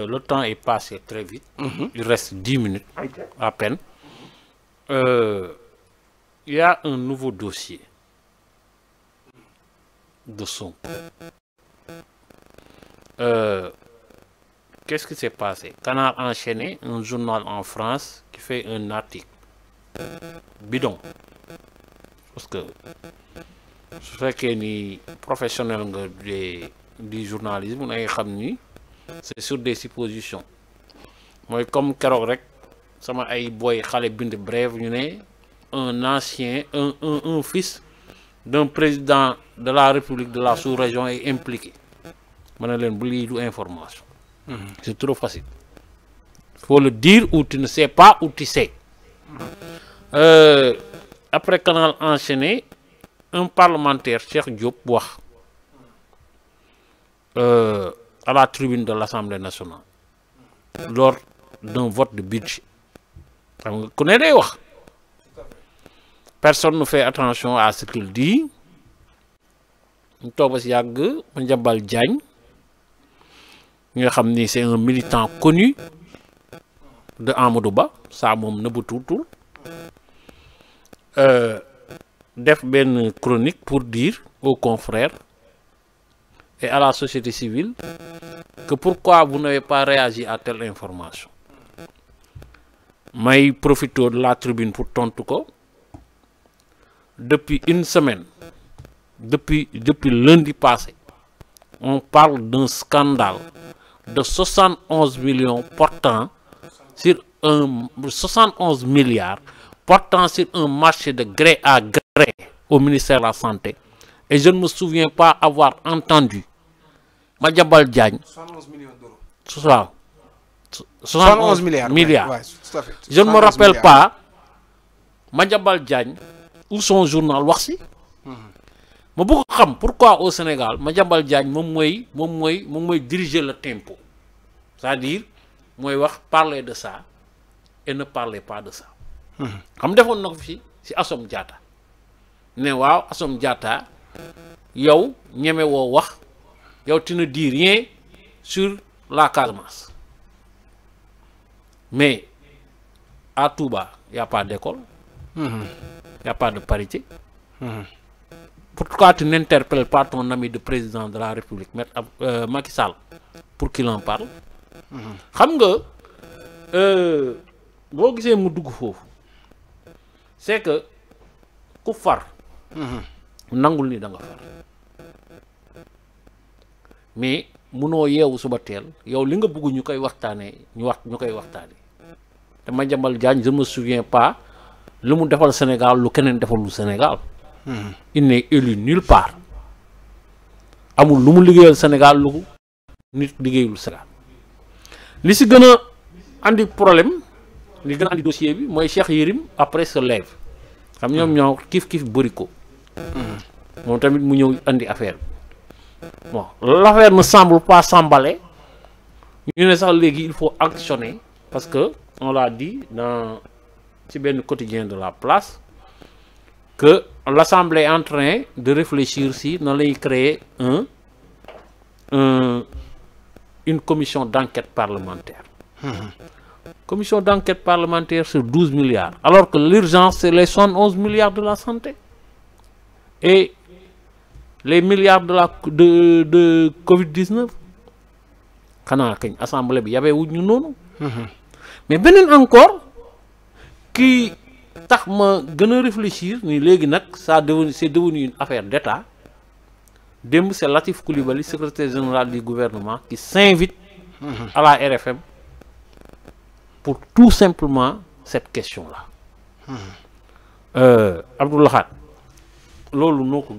Euh, le temps est passé très vite. Mhm. Il reste 10 minutes à peine. Euh, il y a un nouveau dossier de son. Euh, qu'est-ce qui s'est passé Canard enchaîné, un journal en France qui fait un article. Bidon. Parce que je sais que ni professionnel du journalisme, c'est sur des suppositions Moi, comme carogrec ça m'a ay boy un ancien un fils d'un président de la république de la sous-région est impliqué Je information mhm. c'est trop facile faut le dire ou tu ne sais pas ou tu sais euh, après canal enchaîné un parlementaire Cheikh Diop euh, à la tribune de l'Assemblée nationale lors d'un vote de budget Vous connaissez, personne ne fait attention à ce qu'il dit mu toog si c'est un militant connu de Ça, Ça, saa moom tout fait euh, def chronique pour dire aux confrères et à la société civile que pourquoi vous n'avez pas réagi à telle information Mais profite de la tribune pour tout depuis une semaine depuis depuis lundi passé on parle d'un scandale de 71 millions portant sur un 71 milliards portant sur un marché de gré à gré au ministère de la Santé. Et je ne me souviens pas avoir entendu ma jabal 71 millions d'euros. waaw. 71 milliards milliards. Ouais, rappelle milliards. pas Madiambal Diagne ou son journal wax si. ma bëgg xam pourquoi au Sénégal ma Diagne moom mooy moom mooy moom mooy diriger le tempo c'est-à-dire mooy wax parler de sa et ne parler pas de ça. xam defoon na fi si Assom jaata ne waaw Assom Diatta yow ñeme woo wax. tu ne dis rien sur la carmasse, mais à Touba n'y a pas d'école Il mm-hmm. n'y a pas de parité mm-hmm. pourquoi tu n'interpelles pas ton ami de président de la République euh, Macky Sall pour qu'il en parle Tu sais, que c'est que ku -hmm. nangul ni da mais munoo yeewu suba teel yow li nga bëgg ñu koy waxtaanee ñu wax ñu koy waxtaanee dama Madiambal Diagne je me souviens pas lu mu defal Sénégal lu keneen defalul Sénégal. Hmm. il n'est élu nulle part. amul lu mu liggéeyal Sénégal lu nit liggéeyul Sénégal li si gën a andi problème li gën a dossier bi mooy Cheikh Yérim après se lève xam ñoom ñoo kiif kiif bëri ko hmm. moom tamit mu ñëw indi affaire bon l'affaire ne semble pas s'emballer il faut actionner parce que on l'a dit dans le quotidien de la place que l'assemblée est en train de réfléchir si on allait créer un une commission d'enquête parlementaire commission d'enquête parlementaire sur 12 milliards alors que l'urgence c'est les 11 milliards de la santé et les milliards de la de de Covid 19 Il y assemblée bi yabee wuñ non non, mhm. mais benen encore qui tax ma a réfléchir ni légui nak ça devenu devenu une affaire d'État. demb c'est Latif Koulibaly, secrétaire général du gouvernement qui s'invite mhm. à la RFM pour tout simplement cette question là. Mhm. Euh, Abdou Lahad Khat lolu noko